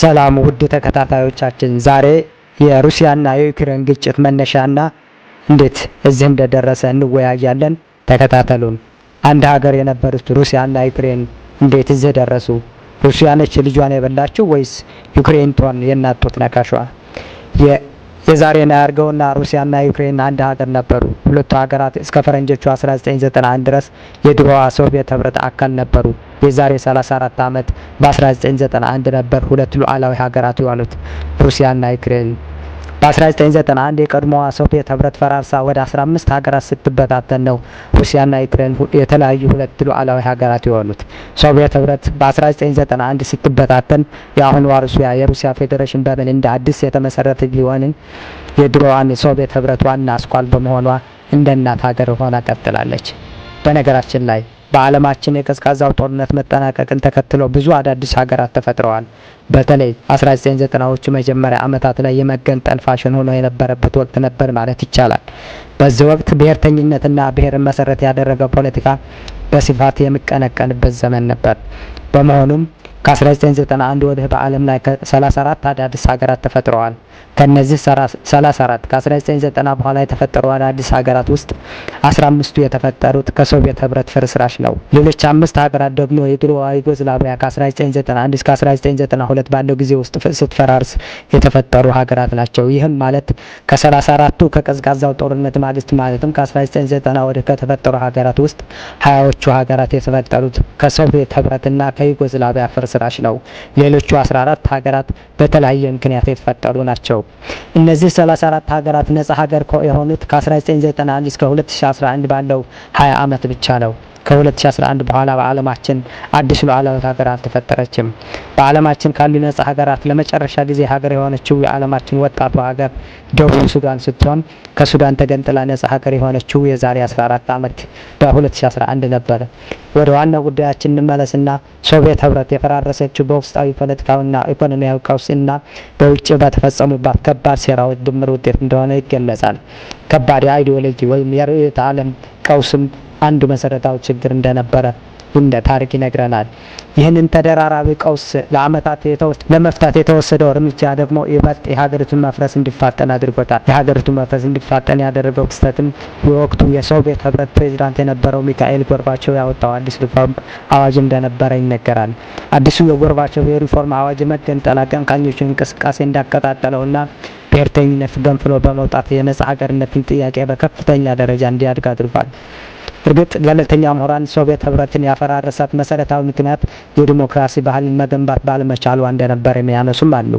ሰላም ውድ ተከታታዮቻችን፣ ዛሬ የሩሲያና የዩክሬን ግጭት መነሻና እንዴት እዚህ እንደደረሰ እንወያያለን። ተከታተሉን። አንድ ሀገር የነበሩት ሩሲያና ዩክሬን እንዴት እዚህ ደረሱ? ሩሲያ ነች ልጇን የበላችው ወይስ ዩክሬን ቷን የናጡት ነካሿ? የዛሬን አያርገውና ሩሲያና ዩክሬን አንድ ሀገር ነበሩ። ሁለቱ ሀገራት እስከ ፈረንጆቹ 1991 ድረስ የድሮዋ ሶቪየት ህብረት አካል ነበሩ። የዛሬ 34 ዓመት በ1991 ነበር ሁለት ሉዓላዊ ሀገራት የዋሉት ሩሲያና ዩክሬን። በ1991 የቀድሞዋ ሶቪየት ህብረት ፈራርሳ ወደ 15 ሀገራት ስትበታተን ነው ሩሲያና ዩክሬን የተለያዩ ሁለት ሉዓላዊ ሀገራት የሆኑት። ሶቪየት ህብረት በ1991 ስትበታተን የአሁኗ ሩሲያ የሩሲያ ፌዴሬሽን በሚል እንደ አዲስ የተመሰረተ ቢሆንም የድሮዋን የሶቪየት ህብረት ዋና አስኳል በመሆኗ እንደ እናት ሀገር ሆና ቀጥላለች። በነገራችን ላይ በዓለማችን የቀዝቃዛው ጦርነት መጠናቀቅን ተከትሎ ብዙ አዳዲስ ሀገራት ተፈጥረዋል። በተለይ 1990ዎቹ መጀመሪያ ዓመታት ላይ የመገንጠል ፋሽን ሆኖ የነበረበት ወቅት ነበር ማለት ይቻላል። በዚህ ወቅት ብሔርተኝነትና ብሔርን መሰረት ያደረገው ፖለቲካ በስፋት የሚቀነቀንበት ዘመን ነበር። በመሆኑም ከ1991 ወዲህ በዓለም ላይ ከ34 አዳዲስ ሀገራት ተፈጥረዋል። ከነዚህ 34 ከ1990 በኋላ የተፈጠሩ አዳዲስ ሀገራት ውስጥ 15ቱ የተፈጠሩት ከሶቪየት ህብረት ፍርስራሽ ነው። ሌሎች አምስት ሀገራት ደግሞ የድሮዋ ዩጎዝላቪያ ከ1991 እስከ 1992 ባለው ጊዜ ውስጥ ስትፈራርስ የተፈጠሩ ሀገራት ናቸው። ይህም ማለት ከ34ቱ ከቀዝቃዛው ጦርነት ማግስት ማለትም ከ1990 ወደ ከተፈጠሩ ሀገራት ውስጥ ሀያዎቹ ሀገራት የተፈጠሩት ከሶቪየት ህብረትና ከዩጎዝላቪያ ፍርስራሽ ነው። ሌሎቹ 14 ሀገራት በተለያየ ምክንያት የተፈጠሩ ናቸው። ናቸው። እነዚህ 34 ሀገራት ነጻ ሀገር የሆኑት ከ1991 እስከ 2011 ባለው 20 ዓመት ብቻ ነው። ከ2011 በኋላ በዓለማችን አዲስ ሉዓላዊት ሀገር አልተፈጠረችም። በዓለማችን ካሉ ነጻ ሀገራት ለመጨረሻ ጊዜ ሀገር የሆነችው የዓለማችን ወጣቱ ሀገር ደቡብ ሱዳን ስትሆን ከሱዳን ተገንጥላ ነጻ ሀገር የሆነችው የዛሬ 14 ዓመት በ2011 ነበረ። ወደ ዋናው ጉዳያችን እንመለስና ሶቪየት ህብረት የፈራረሰችው በውስጣዊ ፖለቲካዊና ኢኮኖሚያዊ ቀውስና በውጭ በተፈጸሙባት ከባድ ሴራዎች ድምር ውጤት እንደሆነ ይገለጻል። ከባድ የአይዲዮሎጂ ወይም የርዕዮተ ዓለም ቀውስም አንዱ መሰረታዊ ችግር እንደነበረ እንደ ታሪክ ይነግረናል። ይህንን ተደራራቢ ቀውስ ለአመታት ለመፍታት የተወሰደው እርምጃ ደግሞ ይበልጥ የሀገሪቱን መፍረስ እንዲፋጠን አድርጎታል። የሀገሪቱን መፍረስ እንዲፋጠን ያደረገው ክስተትም የወቅቱ የሶቪየት ህብረት ፕሬዚዳንት የነበረው ሚካኤል ጎርባቸው ያወጣው አዲስ ሪፎርም አዋጅ እንደነበረ ይነገራል። አዲሱ የጎርባቸው የሪፎርም አዋጅ መገንጠል አቀንቃኞቹን እንቅስቃሴ እንዳቀጣጠለውና ብሔርተኝነት ገንፍሎ በመውጣት የነጻ ሀገርነትን ጥያቄ በከፍተኛ ደረጃ እንዲያድግ አድርጓል። እርግጥ ገለልተኛ ምሁራን ሶቪየት ህብረትን ያፈራረሰት መሰረታዊ ምክንያት የዲሞክራሲ ባህልን መገንባት ባለመቻሉ እንደነበር የሚያነሱም አሉ።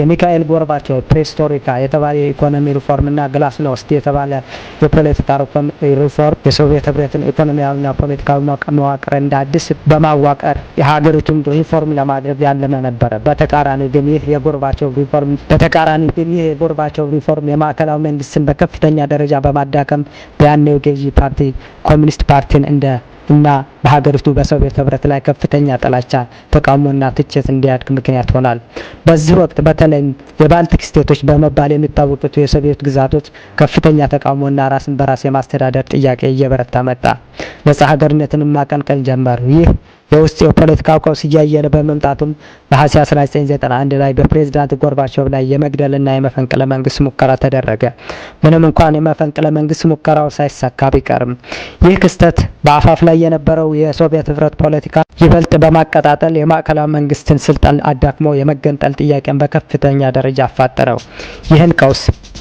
የሚካኤል ጎርባቸው ፕሬስቶሪካ የተባለ የኢኮኖሚ ሪፎርም ሪፎርምና ግላስኖስት የተባለ የፖለቲካ ሪፎርም የሶቪየት ህብረትን ኢኮኖሚያዊና ፖለቲካዊ መዋቅር እንደ አዲስ በማዋቀር የሀገሪቱን ሪፎርም ለማድረግ ያለመ ነበረ። በተቃራኒ ግን ይህ የጎርባቸው ሪፎርም በተቃራኒ ግን ይህ የጎርባቸው ሪፎርም የማዕከላዊ መንግስትን በከፍተኛ ደረጃ በማዳከም በያኔው ገዢ ፓርቲ ኮሚኒስት ፓርቲን እንደ እና በሀገሪቱ በሶቪየት ህብረት ላይ ከፍተኛ ጥላቻ፣ ተቃውሞና ትችት እንዲያድግ ምክንያት ሆኗል። በዚህ ወቅት በተለይም የባልቲክ ስቴቶች በመባል የሚታወቁት የሶቪየት ግዛቶች ከፍተኛ ተቃውሞና ራስን በራስ የማስተዳደር ጥያቄ እየበረታ መጣ። ነጻ ሀገርነትን ማቀንቀን ጀመር። ይህ የውስጥ የፖለቲካ ቀውስ እያየለ በመምጣቱም በሐሴ 1991 ላይ በፕሬዝዳንት ጎርባቾቭ ላይ የመግደልና የመፈንቅለ መንግስት ሙከራ ተደረገ። ምንም እንኳን የመፈንቅለ መንግስት ሙከራው ሳይሳካ ቢቀርም ይህ ክስተት በአፋፍ ላይ የነበረው የሶቪየት ህብረት ፖለቲካ ይበልጥ በማቀጣጠል የማዕከላዊ መንግስትን ስልጣን አዳክሞ የመገንጠል ጥያቄን በከፍተኛ ደረጃ አፋጠረው። ይህን ቀውስ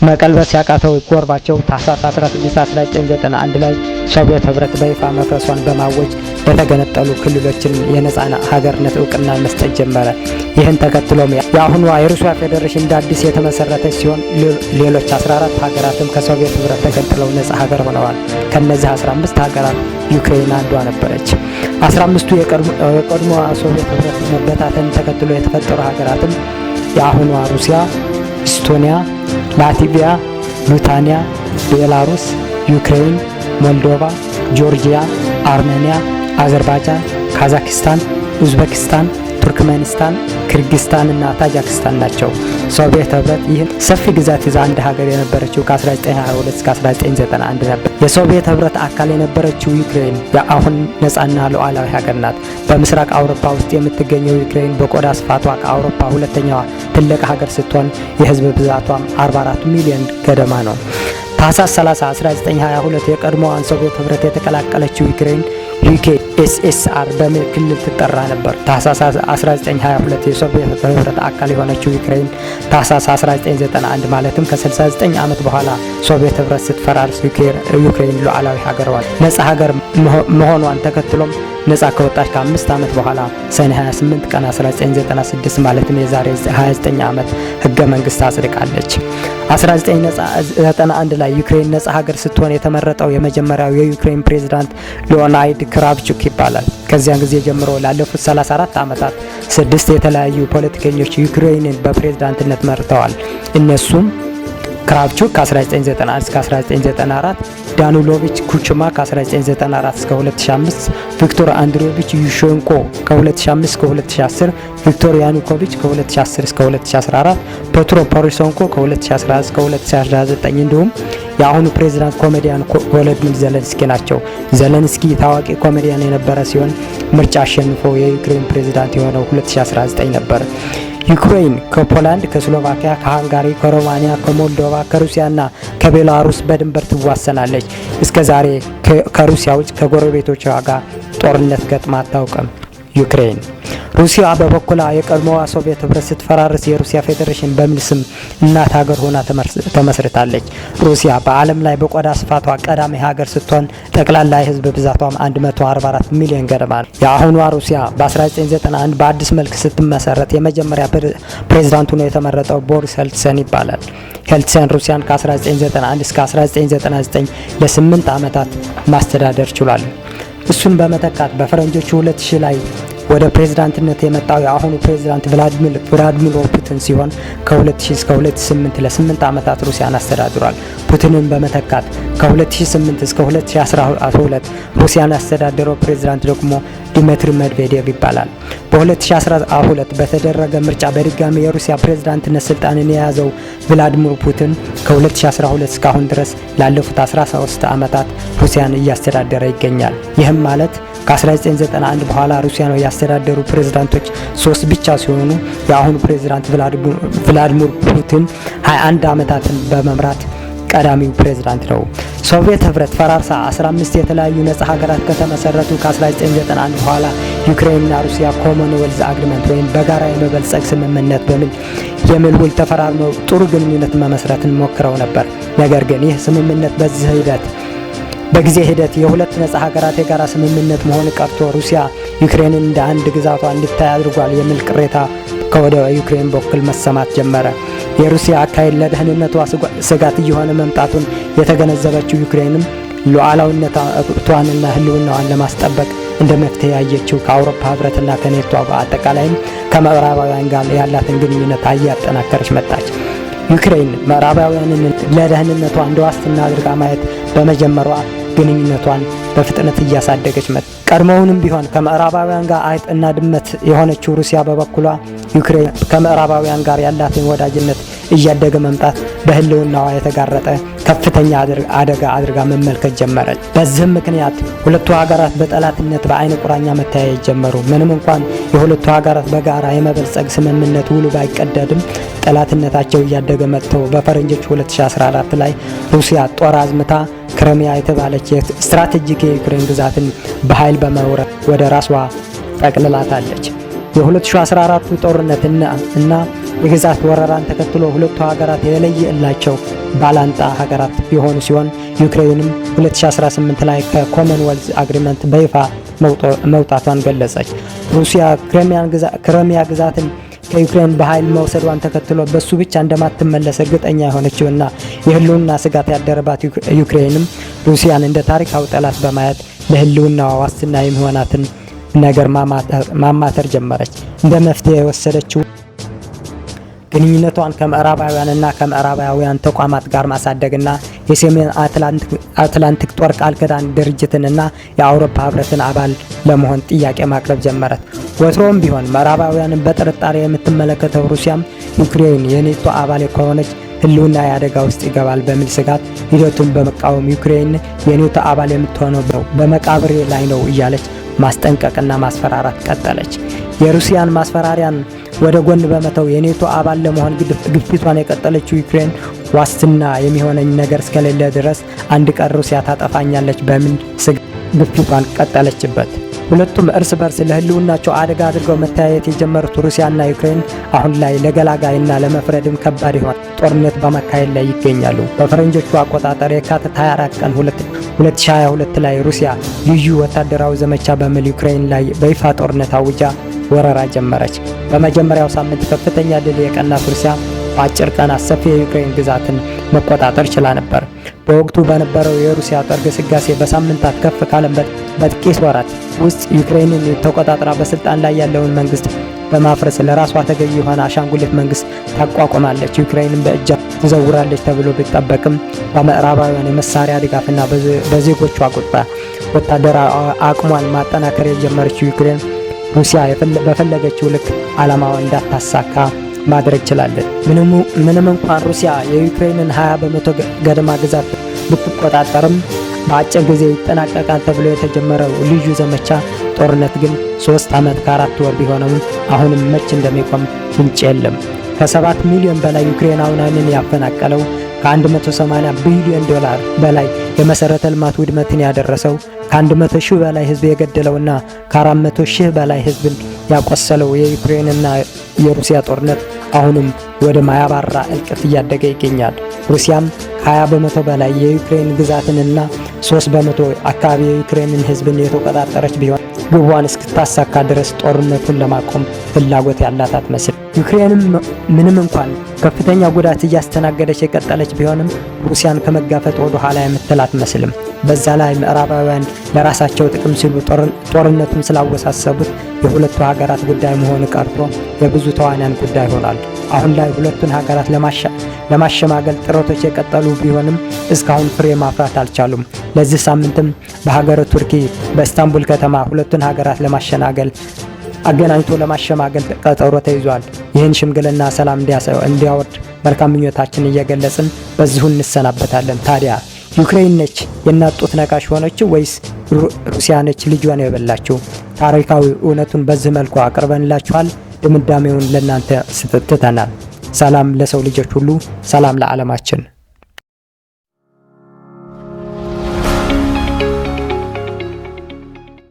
መቀልበስ ያቃተው ጎርባቸው ታህሳስ 16 1991 ላይ ሶቪየት ህብረት በይፋ መፍረሷን በማወጅ በተገነጠሉ ክልሎች ሌሎችም የነጻ ሀገርነት እውቅና መስጠት ጀመረ። ይህን ተከትሎም የአሁኗ የሩሲያ ፌዴሬሽን እንደ አዲስ የተመሰረተች ሲሆን ሌሎች 14 ሀገራትም ከሶቪየት ህብረት ተገንጥለው ነጻ ሀገር ሆነዋል። ከነዚህ 15 ሀገራት ዩክሬን አንዷ ነበረች። 15ቱ የቀድሞ ሶቪየት ህብረት መበታተን ተከትሎ የተፈጠሩ ሀገራትም የአሁኗ ሩሲያ፣ ኢስቶኒያ፣ ላቲቪያ፣ ሉታንያ፣ ቤላሩስ፣ ዩክሬን፣ ሞልዶቫ፣ ጆርጂያ፣ አርሜኒያ፣ አዘርባይጃን ካዛክስታን፣ ኡዝቤክስታን፣ ቱርክመኒስታን፣ ክርጊስታን እና ታጃክስታን ናቸው። ሶቪየት ህብረት ይህን ሰፊ ግዛት ይዛ አንድ ሀገር የነበረችው ከ1922 እስከ 1991 ነበር። የሶቪየት ህብረት አካል የነበረችው ዩክሬን የአሁን ነጻና ሉዓላዊ ሀገር ናት። በምስራቅ አውሮፓ ውስጥ የምትገኘው ዩክሬን በቆዳ ስፋቷ ከአውሮፓ ሁለተኛዋ ትልቅ ሀገር ስትሆን የህዝብ ብዛቷም 44 ሚሊዮን ገደማ ነው። ታህሳስ 30 1922 የቀድሞዋን ሶቪየት ህብረት የተቀላቀለችው ዩክሬን ዩኬኤስኤስአር በሚል ክልል ትጠራ ነበር። ታህሳስ 1922 የሶቪየት ህብረት አካል የሆነችው ዩክሬን ታህሳስ 1991 ማለትም ከ69 ዓመት በኋላ ሶቪየት ህብረት ስትፈራርስ ዩክሬን ሉዓላዊ ሀገርዋል ነጻ ሀገር መሆኗን ተከትሎም ነጻ ከወጣች ከአምስት ዓመት በኋላ ሰኔ 28 ቀን 1996 ማለትም የዛሬ 29 ዓመት ህገ መንግስት አጽድቃለች። 1991 ላይ ዩክሬን ነጻ ሀገር ስትሆን የተመረጠው የመጀመሪያው የዩክሬን ፕሬዚዳንት ሊዮናይድ ክራብችክ ይባላል። ከዚያን ጊዜ ጀምሮ ላለፉት 34 ዓመታት ስድስት የተለያዩ ፖለቲከኞች ዩክሬንን በፕሬዝዳንትነት መርተዋል። እነሱም ክራብቹክ ከ1994 እስከ 1994፣ ዳኒሎቪች ኩችማ ከ1994 እስከ 2005፣ ቪክቶር አንድሮቪች ዩሾንኮ ከ2005 እስከ 2010፣ ቪክቶር ያኑኮቪች ከ2010 እስከ 2014፣ ፔትሮ ፖሮሼንኮ ከ2011 እስከ 2019 እንዲሁም የአሁኑ ፕሬዚዳንት ኮሜዲያን ቮሎዲሚር ዘለንስኪ ናቸው። ዘለንስኪ ታዋቂ ኮሜዲያን የነበረ ሲሆን ምርጫ አሸንፎ የዩክሬን ፕሬዚዳንት የሆነው 2019 ነበር። ዩክሬን ከፖላንድ፣ ከስሎቫኪያ፣ ከሃንጋሪ፣ ከሮማኒያ፣ ከሞልዶቫ፣ ከሩሲያና ከቤላሩስ በድንበር ትዋሰናለች። እስከ ዛሬ ከሩሲያ ውጭ ከጎረቤቶቿ ጋር ጦርነት ገጥማ አታውቅም። ዩክሬን ሩሲያ በበኩላ የቀድሞዋ ሶቪየት ህብረት ስትፈራርስ የሩሲያ ፌዴሬሽን በሚል ስም እናት ሀገር ሆና ተመስርታለች። ሩሲያ በዓለም ላይ በቆዳ ስፋቷ ቀዳሚ ሀገር ስትሆን ጠቅላላ የህዝብ ብዛቷም 144 ሚሊዮን ገደማ ነው። የአሁኗ ሩሲያ በ1991 በአዲስ መልክ ስትመሰረት የመጀመሪያ ፕሬዚዳንቱ ነው የተመረጠው ቦሪስ ሄልትሰን ይባላል። ሄልትሰን ሩሲያን ከ1991 እስከ 1999 ለ8 ዓመታት ማስተዳደር ችሏል። እሱን በመተካት በፈረንጆቹ 2000 ላይ ወደ ፕሬዝዳንትነት የመጣው የአሁኑ ፕሬዝዳንት ቭላድሚር ፑቲን ሲሆን ከ2000 እስከ 2008 ለ8 ዓመታት ሩሲያን አስተዳድሯል። ፑቲንን በመተካት ከ2008 እስከ 2012 ሩሲያን ያስተዳደረው ፕሬዝዳንት ደግሞ ዲሜትሪ መድቬዴቭ ይባላል። በ2012 በተደረገ ምርጫ በድጋሚ የሩሲያ ፕሬዝዳንትነት ስልጣንን የያዘው ቭላዲሚር ፑቲን ከ2012 እስካሁን ድረስ ላለፉት 13 ዓመታት ሩሲያን እያስተዳደረ ይገኛል። ይህም ማለት ከ1991 በኋላ ሩሲያን ያስተዳደሩ ፕሬዝዳንቶች ሶስት ብቻ ሲሆኑ የአሁኑ ፕሬዝዳንት ቭላዲሚር ፑቲን 21 ዓመታትን በመምራት ቀዳሚው ፕሬዝዳንት ነው። ሶቪየት ህብረት ፈራርሳ 15 የተለያዩ ነጻ ሀገራት ከተመሰረቱ ከ1991 በኋላ ዩክሬንና ሩሲያ ኮመንዌልዝ አግሪመንት ወይም በጋራ የመበልጸግ ስምምነት በሚል የሚል ውል ተፈራርመው ጥሩ ግንኙነት መመስረትን ሞክረው ነበር። ነገር ግን ይህ ስምምነት በዚህ ሂደት በጊዜ ሂደት የሁለት ነጻ ሀገራት የጋራ ስምምነት መሆን ቀርቶ ሩሲያ ዩክሬንን እንደ አንድ ግዛቷ እንድታይ አድርጓል የሚል ቅሬታ ከወደ ዩክሬን በኩል መሰማት ጀመረ። የሩሲያ አካሄድ ለደህንነቷ ስጋት እየሆነ መምጣቱን የተገነዘበችው ዩክሬንም ሉዓላዊነቷንና ህልውናዋን ለማስጠበቅ እንደ መፍትሄ ያየችው ከአውሮፓ ህብረትና ከኔቶ አጠቃላይም ከምዕራባውያን ጋር ያላትን ግንኙነት እያጠናከረች መጣች። ዩክሬን ምዕራባውያንን ለደህንነቷ እንደ ዋስትና አድርጋ ማየት በመጀመሯ ግንኙነቷን በፍጥነት እያሳደገች መጣ። ቀድሞውንም ቢሆን ከምዕራባውያን ጋር አይጥና ድመት የሆነችው ሩሲያ በበኩሏ ዩክሬን ከምዕራባውያን ጋር ያላትን ወዳጅነት እያደገ መምጣት በህልውናዋ የተጋረጠ ከፍተኛ አደጋ አድርጋ መመልከት ጀመረች። በዚህም ምክንያት ሁለቱ ሀገራት በጠላትነት በአይነ ቁራኛ መተያየት ጀመሩ። ምንም እንኳን የሁለቱ ሀገራት በጋራ የመበልጸግ ስምምነት ውሉ ባይቀደድም ጠላትነታቸው እያደገ መጥተው በፈረንጆች 2014 ላይ ሩሲያ ጦር አዝምታ ክረሚያ የተባለች ስትራቴጂክ የዩክሬን ግዛትን በኃይል በመውረድ ወደ ራሷ ጠቅልላታለች። የ2014ቱ ጦርነት እና የግዛት ወረራን ተከትሎ ሁለቱ ሀገራት የለየላቸው ባላንጣ ሀገራት የሆኑ ሲሆን ዩክሬንም 2018 ላይ ከኮመንዌልዝ አግሪመንት በይፋ መውጣቷን ገለጸች። ሩሲያ ክረሚያ ግዛትን ከዩክሬን በኃይል መውሰዷን ተከትሎ በሱ ብቻ እንደማትመለስ እርግጠኛ የሆነችው እና የህልውና ስጋት ያደረባት ዩክሬንም ሩሲያን እንደ ታሪካዊ ጠላት በማየት ለህልውና ዋስትና የሚሆናትን ነገር ማማተር ጀመረች። እንደ መፍትሄ የወሰደችው ግንኙነቷን ከምዕራባውያንና ከምዕራባውያን ተቋማት ጋር ማሳደግና የሰሜን አትላንቲክ ጦር ቃል ኪዳን ድርጅትንና የአውሮፓ ህብረትን አባል ለመሆን ጥያቄ ማቅረብ ጀመረት። ወትሮም ቢሆን ምዕራባውያንን በጥርጣሬ የምትመለከተው ሩሲያም ዩክሬን የኔቶ አባል ከሆነች ህልውና የአደጋ ውስጥ ይገባል በሚል ስጋት ሂደቱን በመቃወም ዩክሬን የኔቶ አባል የምትሆነው በመቃብሬ ላይ ነው እያለች ማስጠንቀቅና ማስፈራራት ቀጠለች። የሩሲያን ማስፈራሪያን ወደ ጎን በመተው የኔቶ አባል ለመሆን ግፊቷን የቀጠለችው ዩክሬን ዋስትና የሚሆነኝ ነገር እስከሌለ ድረስ አንድ ቀን ሩሲያ ታጠፋኛለች በሚል ስጋት ግፊቷን ቀጠለችበት። ሁለቱም እርስ በርስ ለህልውናቸው አደጋ አድርገው መተያየት የጀመሩት ሩሲያና ዩክሬን አሁን ላይ ለገላጋይና ለመፍረድም ከባድ ይሆን ጦርነት በማካሄድ ላይ ይገኛሉ። በፈረንጆቹ አቆጣጠር የካቲት 24 ቀን 2022 ላይ ሩሲያ ልዩ ወታደራዊ ዘመቻ በሚል ዩክሬን ላይ በይፋ ጦርነት አውጃ ወረራ ጀመረች። በመጀመሪያው ሳምንት ከፍተኛ ድል የቀናት ሩሲያ በአጭር ቀን ሰፊ የዩክሬን ግዛትን መቆጣጠር ችላ ነበር። በወቅቱ በነበረው የሩሲያ ጦር ግስጋሴ በሳምንታት ከፍ ካለበት በጥቂት ወራት ውስጥ ዩክሬንን ተቆጣጥራ በስልጣን ላይ ያለውን መንግስት በማፍረስ ለራሷ ተገቢ የሆነ አሻንጉሊት መንግስት ታቋቁማለች። ዩክሬንን በእጃ ትዘውራለች ተብሎ ቢጠበቅም በምዕራባውያን የመሳሪያ ድጋፍና በዜጎቿ ቁጣ ወታደራዊ አቅሟን ማጠናከር የጀመረችው ዩክሬን ሩሲያ በፈለገችው ልክ ዓላማዋ እንዳታሳካ ማድረግ ችላለን። ምንም እንኳን ሩሲያ የዩክሬንን 20 በመቶ ገደማ ግዛት ብትቆጣጠርም በአጭር ጊዜ ይጠናቀቃል ተብሎ የተጀመረው ልዩ ዘመቻ ጦርነት ግን ሶስት ዓመት ከአራት ወር ቢሆነውም አሁንም መች እንደሚቆም ፍንጭ የለም። ከሰባት ሚሊዮን በላይ ዩክሬናውያንን ያፈናቀለው ከ180 ቢሊዮን ዶላር በላይ የመሠረተ ልማት ውድመትን ያደረሰው ከ100 ሺህ በላይ ሕዝብ የገደለውና ከ400 ሺህ በላይ ሕዝብን ያቆሰለው የዩክሬንና የሩሲያ ጦርነት አሁንም ወደ ማያባራ እልቅት እያደገ ይገኛል። ሩሲያም 20 በመቶ በላይ የዩክሬን ግዛትንና 3 በመቶ አካባቢ የዩክሬንን ሕዝብን የተቆጣጠረች ቢሆን ግቧን እስክታሳካ ድረስ ጦርነቱን ለማቆም ፍላጎት ያላት አትመስል። ዩክሬንም ምንም እንኳን ከፍተኛ ጉዳት እያስተናገደች የቀጠለች ቢሆንም ሩሲያን ከመጋፈጥ ወደ ኋላ የምትል አትመስልም። በዛ ላይ ምዕራባውያን ለራሳቸው ጥቅም ሲሉ ጦርነቱን ስላወሳሰቡት የሁለቱ ሀገራት ጉዳይ መሆን ቀርቶ የብዙ ተዋንያን ጉዳይ ሆኗል። አሁን ላይ ሁለቱን ሀገራት ለማሻ ለማሸማገል ጥረቶች የቀጠሉ ቢሆንም እስካሁን ፍሬ ማፍራት አልቻሉም። ለዚህ ሳምንትም በሀገረ ቱርኪ በኢስታንቡል ከተማ ሁለቱን ሀገራት ለማሸናገል አገናኝቶ ለማሸማገል ቀጠሮ ተይዟል። ይህን ሽምግልና ሰላም እንዲያወርድ መልካም ምኞታችን እየገለጽን በዚሁ እንሰናበታለን። ታዲያ ዩክሬን ነች የእናት ጡት ነቃሽ ሆነችው ወይስ ሩሲያ ነች ልጇን የበላችው? ታሪካዊ እውነቱን በዚህ መልኩ አቅርበንላችኋል። ድምዳሜውን ለእናንተ ስትትተናል። ሰላም ለሰው ልጆች ሁሉ፣ ሰላም ለዓለማችን።